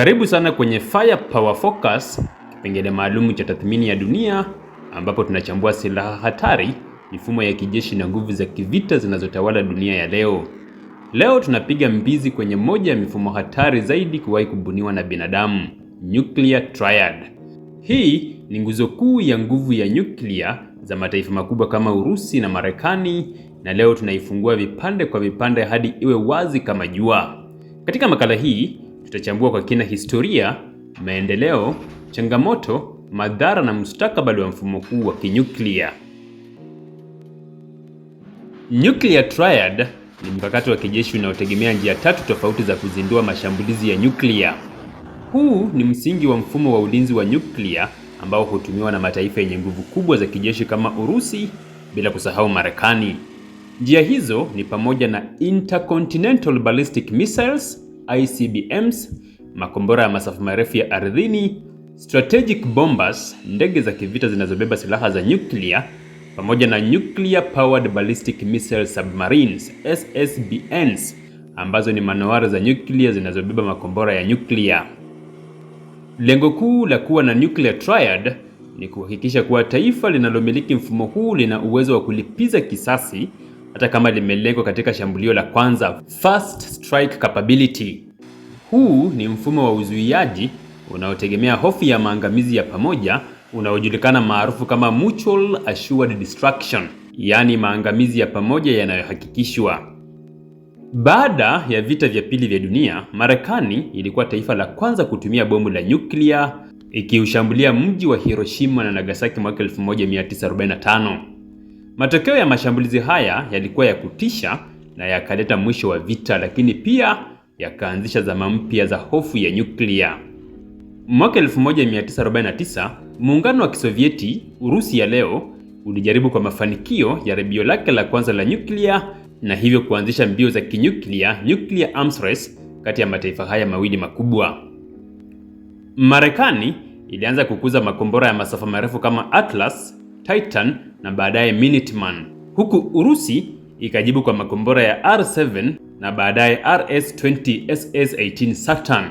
Karibu sana kwenye Power Focus, kipengele maalum cha tathmini ya dunia ambapo tunachambua silaha hatari, mifumo ya kijeshi na nguvu za kivita zinazotawala dunia ya leo. Leo tunapiga mbizi kwenye moja ya mifumo hatari zaidi kuwahi kubuniwa na binadamu, Nuclear Triad. Hii ni nguzo kuu ya nguvu ya nyuklia za mataifa makubwa kama Urusi na Marekani, na leo tunaifungua vipande kwa vipande hadi iwe wazi kama jua. Katika makala hii tutachambua kwa kina historia, maendeleo, changamoto, madhara na mustakabali wa mfumo huu wa kinyuklia. Nuclear Triad ni mkakati wa kijeshi unaotegemea njia tatu tofauti za kuzindua mashambulizi ya nyuklia. Huu ni msingi wa mfumo wa ulinzi wa nyuklia ambao hutumiwa na mataifa yenye nguvu kubwa za kijeshi kama Urusi, bila kusahau Marekani. Njia hizo ni pamoja na intercontinental ballistic missiles ICBMs, makombora ya masafa marefu ya ardhini, strategic bombers, ndege za kivita zinazobeba silaha za nyuklia pamoja na nuclear powered ballistic missile submarines SSBNs, ambazo ni manowari za nyuklia zinazobeba makombora ya nyuklia. Lengo kuu la kuwa na nuclear triad ni kuhakikisha kuwa taifa linalomiliki mfumo huu lina uwezo wa kulipiza kisasi hata kama limelengwa katika shambulio la kwanza. First strike capability. Huu ni mfumo wa uzuiaji unaotegemea hofu ya maangamizi ya pamoja unaojulikana maarufu kama mutual assured destruction, yaani maangamizi ya pamoja yanayohakikishwa. Baada ya vita vya pili vya dunia, Marekani ilikuwa taifa la kwanza kutumia bomu la nyuklia ikiushambulia mji wa Hiroshima na Nagasaki mwaka 1945. Matokeo ya mashambulizi haya yalikuwa ya kutisha na yakaleta mwisho wa vita, lakini pia yakaanzisha zama mpya za hofu ya nyuklia. Mwaka 1949 muungano wa Kisovieti, Urusi ya leo, ulijaribu kwa mafanikio jaribio lake la kwanza la nyuklia na hivyo kuanzisha mbio za kinyuklia, nuclear arms race, kati ya mataifa haya mawili makubwa. Marekani ilianza kukuza makombora ya masafa marefu kama Atlas, Titan na baadaye Minuteman, huku Urusi ikajibu kwa makombora ya R7 na baadaye RS-20 SS-18 Saturn.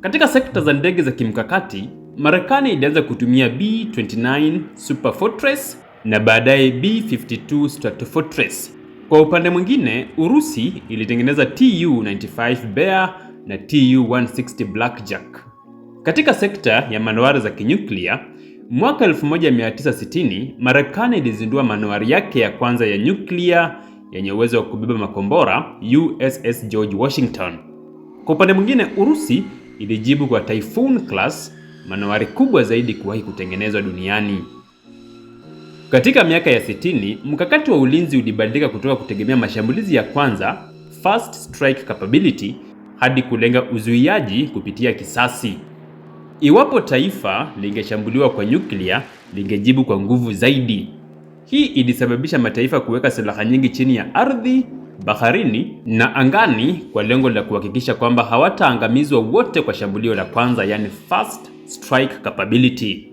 Katika sekta za ndege za kimkakati, Marekani ilianza kutumia B-29 Super Fortress na baadaye B-52 Stratofortress. Kwa upande mwingine, Urusi ilitengeneza Tu-95 Bear na Tu-160 Blackjack. Katika sekta ya manowari za kinyuklia Mwaka 1960 Marekani ilizindua manuari yake ya kwanza ya nyuklia yenye uwezo wa kubeba makombora USS George Washington. Kwa upande mwingine, Urusi ilijibu kwa Typhoon class, manuari kubwa zaidi kuwahi kutengenezwa duniani. Katika miaka ya 60, mkakati wa ulinzi ulibadilika kutoka kutegemea mashambulizi ya kwanza fast strike capability hadi kulenga uzuiaji kupitia kisasi. Iwapo taifa lingeshambuliwa kwa nyuklia, lingejibu kwa nguvu zaidi. Hii ilisababisha mataifa kuweka silaha nyingi chini ya ardhi, baharini na angani kwa lengo la kuhakikisha kwamba hawataangamizwa wote kwa shambulio la kwanza, yani first strike capability.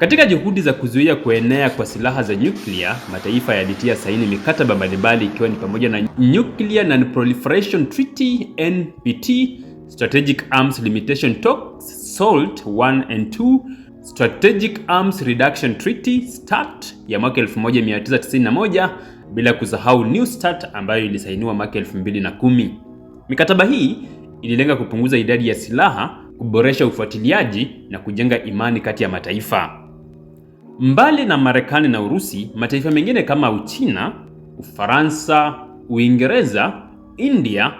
Katika juhudi za kuzuia kuenea kwa silaha za nyuklia, mataifa yalitia saini mikataba mbalimbali ikiwa ni pamoja na Nuclear Non-Proliferation Treaty NPT strategic arms limitation talks, SALT 1 and 2, strategic arms reduction treaty START ya mwaka 1991, bila kusahau new START ambayo ilisainiwa mwaka 2010. Mikataba hii ililenga kupunguza idadi ya silaha, kuboresha ufuatiliaji na kujenga imani kati ya mataifa. Mbali na Marekani na Urusi, mataifa mengine kama Uchina, Ufaransa, Uingereza, India,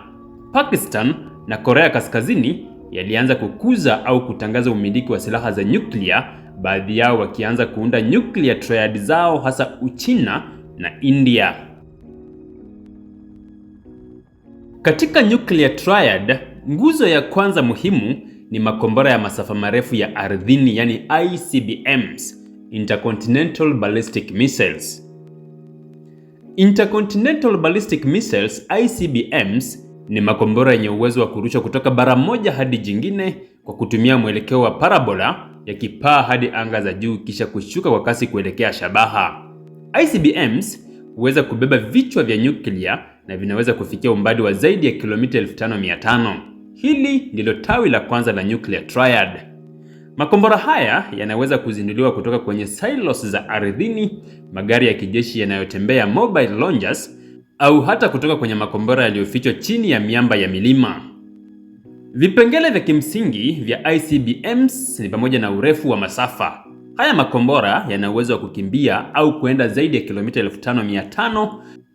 Pakistan na Korea Kaskazini yalianza kukuza au kutangaza umiliki wa silaha za nyuklia, baadhi yao wakianza kuunda nuclear triad zao, hasa Uchina na India. Katika nuclear triad, nguzo ya kwanza muhimu ni makombora ya masafa marefu ya ardhini, yani ICBMs, Intercontinental Ballistic Missiles. Intercontinental Ballistic Missiles, ICBMs ni makombora yenye uwezo wa kurushwa kutoka bara moja hadi jingine kwa kutumia mwelekeo wa parabola yakipaa hadi anga za juu kisha kushuka kwa kasi kuelekea shabaha. ICBMs huweza kubeba vichwa vya nyuklia na vinaweza kufikia umbali wa zaidi ya kilomita 5500. Hili ndilo tawi la kwanza la nuclear triad. Makombora haya yanaweza kuzinduliwa kutoka kwenye silos za ardhini, magari ya kijeshi yanayotembea mobile launchers au hata kutoka kwenye makombora yaliyofichwa chini ya miamba ya milima. Vipengele vya kimsingi vya ICBMs ni pamoja na urefu wa masafa. Haya makombora yana uwezo wa kukimbia au kuenda zaidi ya kilomita 5500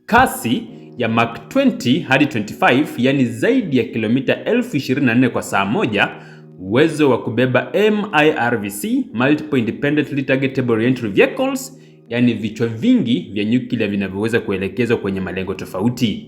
kasi ya Mach 20 hadi 25, yani zaidi ya kilomita 1024 24 kwa saa moja, uwezo wa kubeba MIRVC, multiple independently targetable reentry vehicles yaani vichwa vingi vya nyuklia vinavyoweza kuelekezwa kwenye malengo tofauti.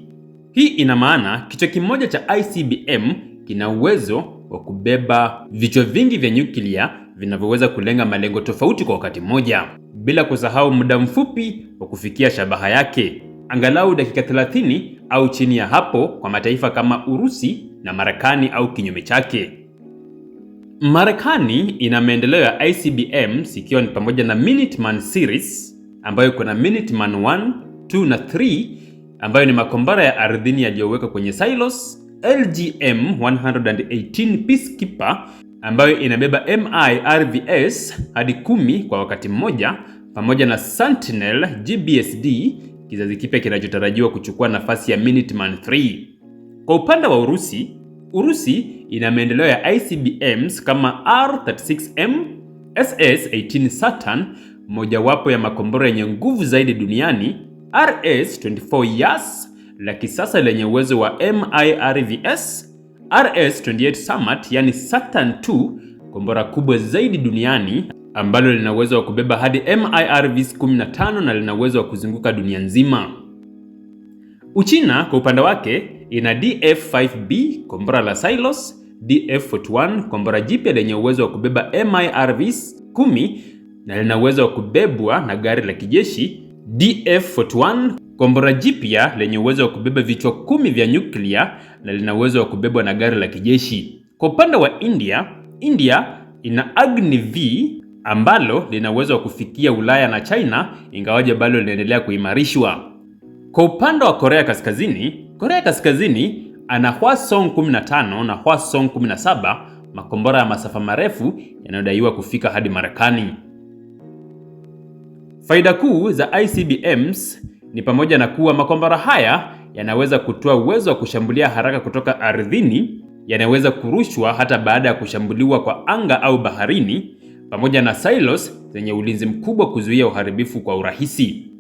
Hii ina maana kichwa kimoja cha ICBM kina uwezo wa kubeba vichwa vingi vya nyuklia vinavyoweza kulenga malengo tofauti kwa wakati mmoja, bila kusahau muda mfupi wa kufikia shabaha yake, angalau dakika 30 au chini ya hapo kwa mataifa kama Urusi na Marekani au kinyume chake. Marekani ina maendeleo ya ICBM ikiwa ni pamoja na Minuteman series ambayo kuna minute man 1, 2 na 3 ambayo ni makombora ya ardhini yaliyowekwa kwenye silos, LGM 118 Peacekeeper ambayo inabeba MIRVs hadi kumi kwa wakati mmoja pamoja na Sentinel GBSD, kizazi kipya kinachotarajiwa kuchukua nafasi ya Minuteman 3. Kwa upande wa Urusi, Urusi ina maendeleo ya ICBMs kama R36M, SS18 Saturn mojawapo ya makombora yenye nguvu zaidi duniani RS-24 Yas la kisasa lenye uwezo wa MIRVs, RS-28 Samat yani Saturn II, kombora kubwa zaidi duniani ambalo lina uwezo wa kubeba hadi MIRVs 15 na lina uwezo wa kuzunguka dunia nzima. Uchina kwa upande wake ina DF-5B kombora la Silos, DF-41 kombora jipya lenye uwezo wa kubeba MIRVs 10 na lina uwezo wa kubebwa na gari la kijeshi DF-41, kombora jipya lenye uwezo wa kubeba vichwa kumi vya nyuklia na lina uwezo wa kubebwa na gari la kijeshi. Kwa upande wa India, India ina Agni V ambalo lina uwezo wa kufikia Ulaya na China, ingawaje bado linaendelea kuimarishwa. Kwa upande wa Korea Kaskazini, Korea Kaskazini ana Hwasong 15 na Hwasong 17, makombora ya masafa marefu yanayodaiwa kufika hadi Marekani. Faida kuu za ICBMs ni pamoja na kuwa makombora haya yanaweza kutoa uwezo wa kushambulia haraka kutoka ardhini, yanaweza kurushwa hata baada ya kushambuliwa kwa anga au baharini, pamoja na silos zenye ulinzi mkubwa kuzuia uharibifu kwa urahisi.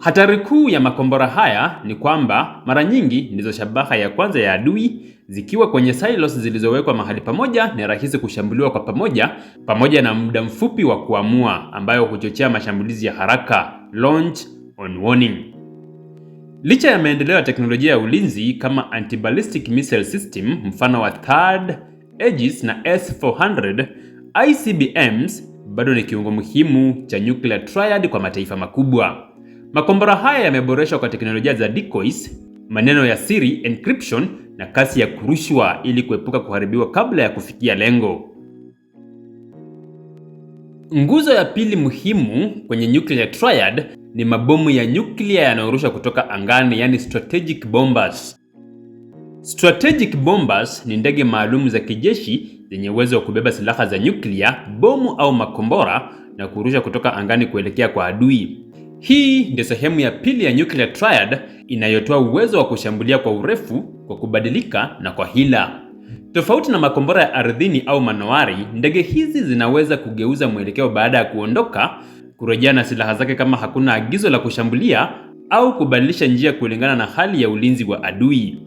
Hatari kuu ya makombora haya ni kwamba mara nyingi ndizo shabaha ya kwanza ya adui. Zikiwa kwenye silos zilizowekwa mahali pamoja, ni rahisi kushambuliwa kwa pamoja, pamoja na muda mfupi wa kuamua, ambayo huchochea mashambulizi ya haraka, launch on warning. Licha ya maendeleo ya teknolojia ya ulinzi kama anti-ballistic missile system mfano wa THAAD, Aegis na S400, ICBMs bado ni kiungo muhimu cha nuclear triad kwa mataifa makubwa. Makombora haya yameboreshwa kwa teknolojia za decoys, maneno ya siri encryption, na kasi ya kurushwa ili kuepuka kuharibiwa kabla ya kufikia lengo. Nguzo ya pili muhimu kwenye nuclear triad ni mabomu ya nyuklia yanayorushwa kutoka angani, yani strategic bombers. Strategic bombers ni ndege maalum za kijeshi zenye uwezo wa kubeba silaha za nyuklia, bomu au makombora na kurusha kutoka angani kuelekea kwa adui. Hii ndio sehemu ya pili ya nuclear triad inayotoa uwezo wa kushambulia kwa urefu, kwa kubadilika na kwa hila. Tofauti na makombora ya ardhini au manowari, ndege hizi zinaweza kugeuza mwelekeo baada ya kuondoka, kurejea na silaha zake kama hakuna agizo la kushambulia, au kubadilisha njia kulingana na hali ya ulinzi wa adui.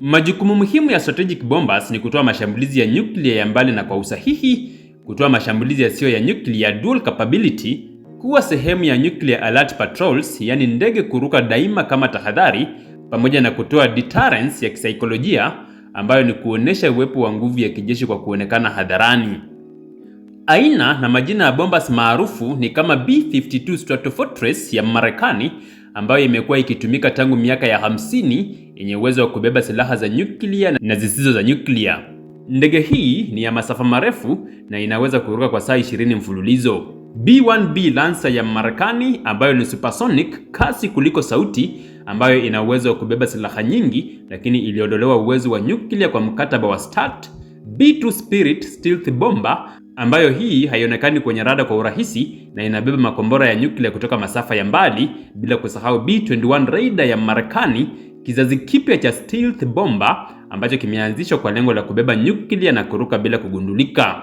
Majukumu muhimu ya strategic bombers ni kutoa mashambulizi ya nyuklia ya mbali na kwa usahihi, kutoa mashambulizi yasiyo ya nyuklia dual capability kuwa sehemu ya nuclear alert patrols, yaani ndege kuruka daima kama tahadhari, pamoja na kutoa deterrence ya kisaikolojia ambayo ni kuonesha uwepo wa nguvu ya kijeshi kwa kuonekana hadharani. Aina na majina ya bombas maarufu ni kama B52 Stratofortress ya Marekani ambayo imekuwa ikitumika tangu miaka ya 50 yenye uwezo wa kubeba silaha za nyuklia na zisizo za nyuklia. Ndege hii ni ya masafa marefu na inaweza kuruka kwa saa 20 mfululizo. B1B Lancer ya Marekani ambayo ni supersonic, kasi kuliko sauti, ambayo ina uwezo wa kubeba silaha nyingi, lakini iliondolewa uwezo wa nyuklia kwa mkataba wa START. B2 Spirit stealth bomba ambayo hii haionekani kwenye rada kwa urahisi na inabeba makombora ya nyuklia kutoka masafa ya mbali, bila kusahau B21 Raider ya Marekani, kizazi kipya cha stealth bomba ambacho kimeanzishwa kwa lengo la kubeba nyuklia na kuruka bila kugundulika.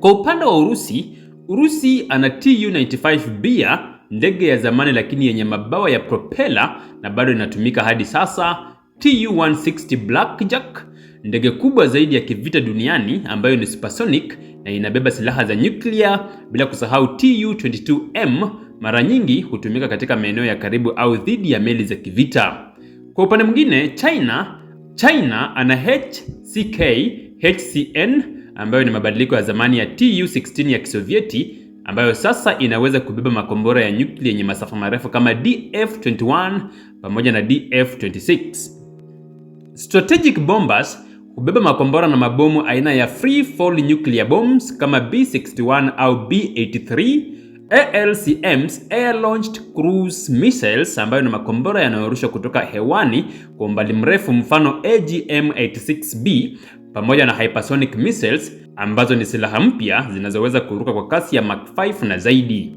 Kwa upande wa Urusi, Urusi ana tu 95 bia ndege ya zamani lakini yenye mabawa ya propela na bado inatumika hadi sasa. Tu-160 Blackjack, ndege kubwa zaidi ya kivita duniani ambayo ni supersonic na inabeba silaha za nyuklia, bila kusahau Tu-22M mara nyingi hutumika katika maeneo ya karibu au dhidi ya meli za kivita. Kwa upande mwingine, China China ana HCK, HCN ambayo ni mabadiliko ya zamani ya Tu-16 ya Kisovieti ambayo sasa inaweza kubeba makombora ya nyuklia yenye masafa marefu kama DF-21 pamoja na DF-26. Strategic bombers hubeba makombora na mabomu aina ya free fall nuclear bombs kama B61 au B83, ALCMs, air launched cruise missiles ambayo ni makombora yanayorushwa kutoka hewani kwa umbali mrefu, mfano AGM-86B pamoja na hypersonic missiles ambazo ni silaha mpya zinazoweza kuruka kwa kasi ya Mach 5 na zaidi.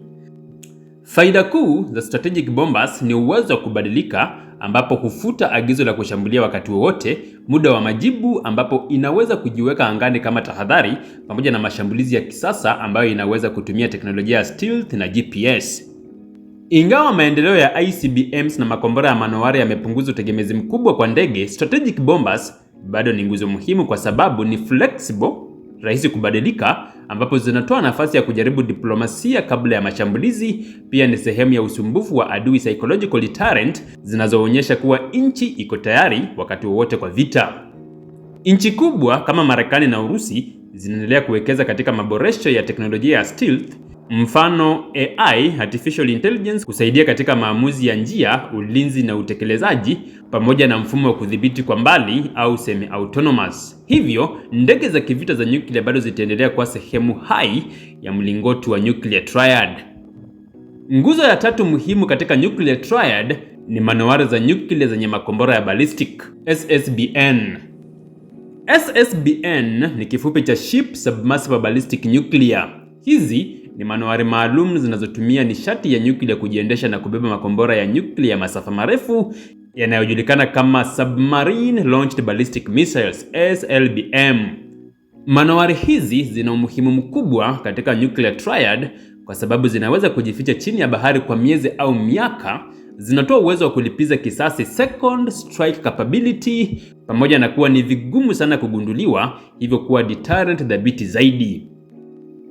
Faida kuu za strategic bombers ni uwezo wa kubadilika, ambapo hufuta agizo la kushambulia wakati wowote, muda wa majibu, ambapo inaweza kujiweka angani kama tahadhari, pamoja na mashambulizi ya kisasa ambayo inaweza kutumia teknolojia ya stealth na GPS. Ingawa maendeleo ya ICBMs na makombora ya manowari yamepunguza utegemezi mkubwa kwa ndege, strategic bombers bado ni nguzo muhimu kwa sababu ni flexible, rahisi kubadilika, ambapo zinatoa nafasi ya kujaribu diplomasia kabla ya mashambulizi. Pia ni sehemu ya usumbufu wa adui, psychological deterrent zinazoonyesha kuwa nchi iko tayari wakati wowote kwa vita. Nchi kubwa kama Marekani na Urusi zinaendelea kuwekeza katika maboresho ya teknolojia ya stealth mfano AI, artificial intelligence, kusaidia katika maamuzi ya njia, ulinzi na utekelezaji, pamoja na mfumo wa kudhibiti kwa mbali au semi autonomous. Hivyo ndege za kivita za nyuklia bado zitaendelea kuwa sehemu hai ya mlingoti wa nuclear triad. Nguzo ya tatu muhimu katika nuclear triad ni manowari za nyuklia zenye makombora ya ballistic SSBN. SSBN ni kifupi cha Ship Submersible Ballistic Nuclear. Hizi ni manowari maalum zinazotumia nishati ya nyuklia kujiendesha na kubeba makombora ya nyuklia ya masafa marefu yanayojulikana kama Submarine Launched Ballistic Missiles SLBM. Manowari hizi zina umuhimu mkubwa katika nuclear triad kwa sababu zinaweza kujificha chini ya bahari kwa miezi au miaka. Zinatoa uwezo wa kulipiza kisasi second strike capability, pamoja na kuwa ni vigumu sana kugunduliwa, hivyo kuwa deterrent dhabiti zaidi.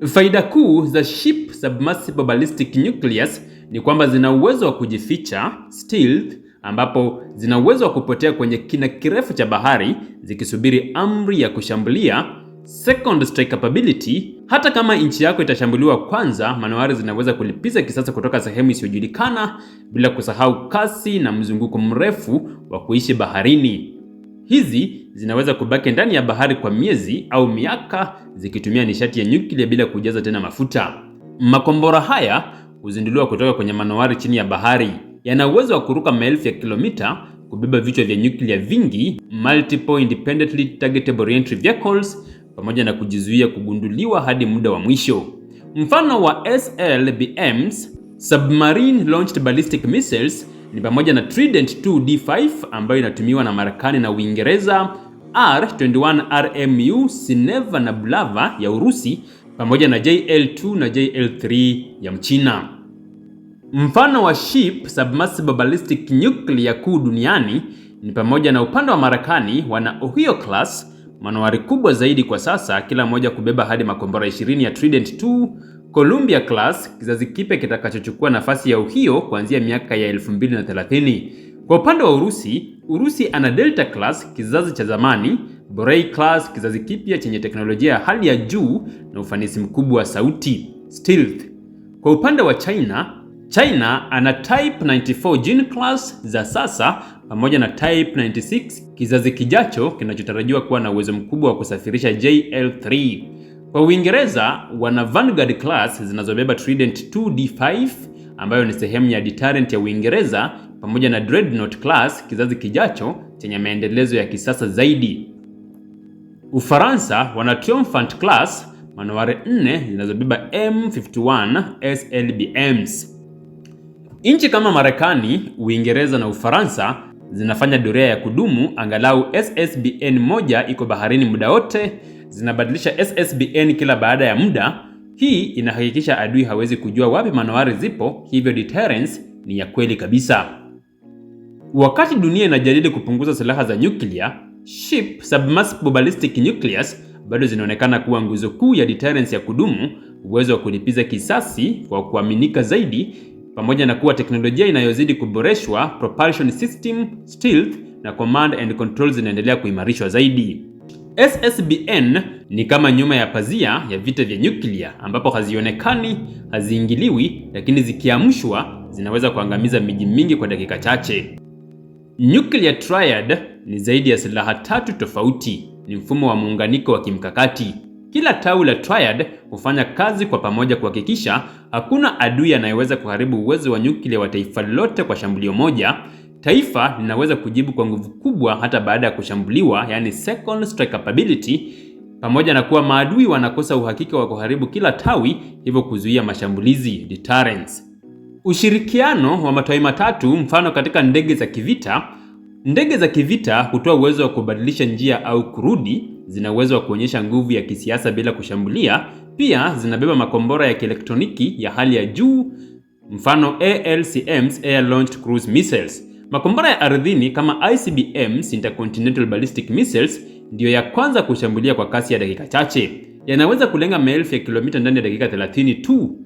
Faida kuu za Ship Submersible Ballistic Nucleus ni kwamba zina uwezo wa kujificha stealth, ambapo zina uwezo wa kupotea kwenye kina kirefu cha bahari zikisubiri amri ya kushambulia, second strike capability. Hata kama nchi yako itashambuliwa kwanza, manowari zinaweza kulipiza kisasa kutoka sehemu isiyojulikana, bila kusahau kasi na mzunguko mrefu wa kuishi baharini hizi zinaweza kubaki ndani ya bahari kwa miezi au miaka zikitumia nishati ya nyuklia bila kujaza tena mafuta. Makombora haya huzinduliwa kutoka kwenye manowari chini ya bahari. Yana uwezo wa kuruka maelfu ya kilomita, kubeba vichwa vya nyuklia vingi, multiple independently targetable reentry vehicles, pamoja na kujizuia kugunduliwa hadi muda wa mwisho. Mfano wa SLBMs, submarine launched ballistic missiles ni pamoja na Trident 2 D5 ambayo inatumiwa na Marekani na Uingereza, R21 RMU Sineva na Bulava ya Urusi pamoja na JL2 na JL3 ya Mchina. Mfano wa ship submersible ballistic nuclear kuu duniani ni pamoja na upande wa Marekani wana Ohio class, manowari kubwa zaidi kwa sasa, kila moja kubeba hadi makombora 20 ya Trident 2 Columbia class kizazi kipya kitakachochukua nafasi ya Ohio kuanzia miaka ya 2030. Kwa upande wa Urusi, Urusi ana Delta class kizazi cha zamani, Borei class kizazi kipya chenye teknolojia ya hali ya juu na ufanisi mkubwa wa sauti, stealth. Kwa upande wa China, China ana Type 94 gene class za sasa pamoja na Type 96 kizazi kijacho kinachotarajiwa kuwa na uwezo mkubwa wa kusafirisha JL3. Kwa Uingereza wana Vanguard class zinazobeba Trident 2D5 ambayo ni sehemu ya deterrent ya Uingereza pamoja na Dreadnought class kizazi kijacho chenye maendelezo ya kisasa zaidi. Ufaransa wana Triumphant class manowari 4 zinazobeba M51 SLBMs. Nchi kama Marekani, Uingereza na Ufaransa zinafanya doria ya kudumu, angalau SSBN moja iko baharini muda wote zinabadilisha SSBN kila baada ya muda. Hii inahakikisha adui hawezi kujua wapi manowari zipo, hivyo deterrence ni ya kweli kabisa. Wakati dunia inajadili kupunguza silaha za nyuklia, SHIP submersible ballistic nucleus bado zinaonekana kuwa nguzo kuu ya deterrence ya kudumu, uwezo wa kulipiza kisasi kwa kuaminika zaidi, pamoja na kuwa teknolojia inayozidi kuboreshwa, propulsion system, stealth na command and control zinaendelea kuimarishwa zaidi. SSBN ni kama nyuma ya pazia ya vita vya nyuklia ambapo hazionekani, haziingiliwi, lakini zikiamshwa zinaweza kuangamiza miji mingi kwa dakika chache. Nuclear triad ni zaidi ya silaha tatu tofauti, ni mfumo wa muunganiko wa kimkakati. Kila tawi la triad hufanya kazi kwa pamoja kuhakikisha hakuna adui anayeweza kuharibu uwezo wa nyuklia wa taifa lote kwa shambulio moja, Taifa linaweza kujibu kwa nguvu kubwa hata baada ya kushambuliwa, yani second strike capability, pamoja na kuwa maadui wanakosa uhakika wa kuharibu kila tawi, hivyo kuzuia mashambulizi deterrence. Ushirikiano wa matawi matatu, mfano katika ndege za kivita. Ndege za kivita hutoa uwezo wa kubadilisha njia au kurudi, zina uwezo wa kuonyesha nguvu ya kisiasa bila kushambulia. Pia zinabeba makombora ya kielektroniki ya hali ya juu, mfano ALCMs, air launched cruise missiles. Makombora ya ardhini kama ICBMs, Intercontinental Ballistic Missiles, ndiyo ya kwanza kushambulia kwa kasi ya dakika chache. Yanaweza kulenga maelfu ya kilomita ndani ya dakika 30 tu.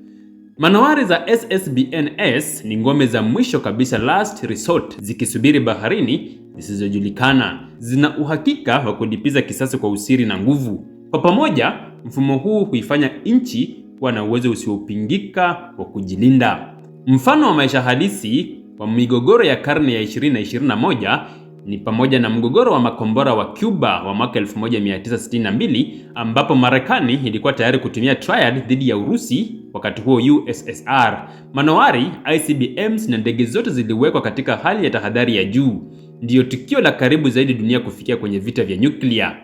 Manowari za SSBNS ni ngome za mwisho kabisa, last resort, zikisubiri baharini zisizojulikana. Zina uhakika wa kulipiza kisasi kwa usiri na nguvu. Kwa pamoja, mfumo huu huifanya nchi kuwa na uwezo usiopingika wa kujilinda. Mfano wa maisha halisi wa migogoro ya karne ya 20 na 21 ni pamoja na mgogoro wa makombora wa Cuba wa mwaka 1962 ambapo Marekani ilikuwa tayari kutumia Triad dhidi ya Urusi, wakati huo USSR. Manowari, ICBMs na ndege zote ziliwekwa katika hali ya tahadhari ya juu. Ndiyo tukio la karibu zaidi dunia kufikia kwenye vita vya nyuklia.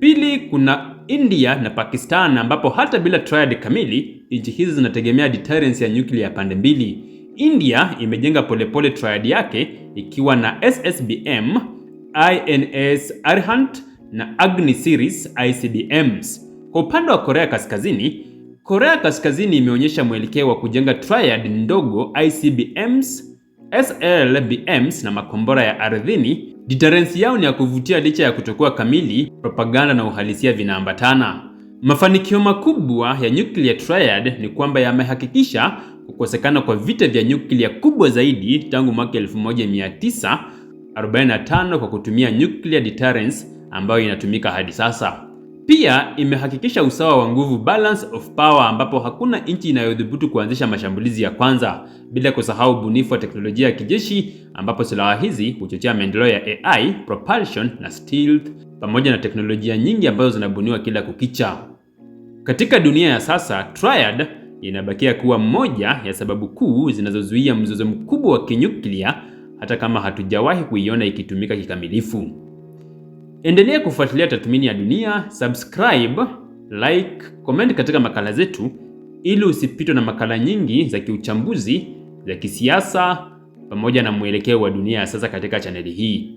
Pili, kuna India na Pakistan ambapo hata bila Triad kamili, nchi hizi zinategemea deterrence ya nyuklia ya pande mbili. India imejenga polepole triad yake ikiwa na SSBM, INS Arhant na Agni series ICBMs. Kwa upande wa Korea Kaskazini, Korea Kaskazini imeonyesha mwelekeo wa kujenga triad ndogo ICBMs, SLBMs na makombora ya ardhini. Deterrence yao ni ya kuvutia licha ya kutokuwa kamili, propaganda na uhalisia vinaambatana. Mafanikio makubwa ya nuclear triad ni kwamba yamehakikisha kukosekana kwa vita vya nyuklia kubwa zaidi tangu mwaka 1945 kwa kutumia nuclear deterrence ambayo inatumika hadi sasa. Pia imehakikisha usawa wa nguvu, balance of power, ambapo hakuna nchi inayodhubutu kuanzisha mashambulizi ya kwanza, bila kusahau bunifu wa teknolojia ya kijeshi, ambapo silaha hizi huchochea maendeleo ya AI, propulsion na stealth, pamoja na teknolojia nyingi ambazo zinabuniwa kila kukicha. Katika dunia ya sasa, Triad inabakia kuwa moja ya sababu kuu zinazozuia mzozo mkubwa wa kinyuklia hata kama hatujawahi kuiona ikitumika kikamilifu. Endelea kufuatilia Tathmini ya Dunia, subscribe, like, comment katika makala zetu ili usipitwe na makala nyingi za kiuchambuzi, za kisiasa pamoja na mwelekeo wa dunia ya sasa katika chaneli hii.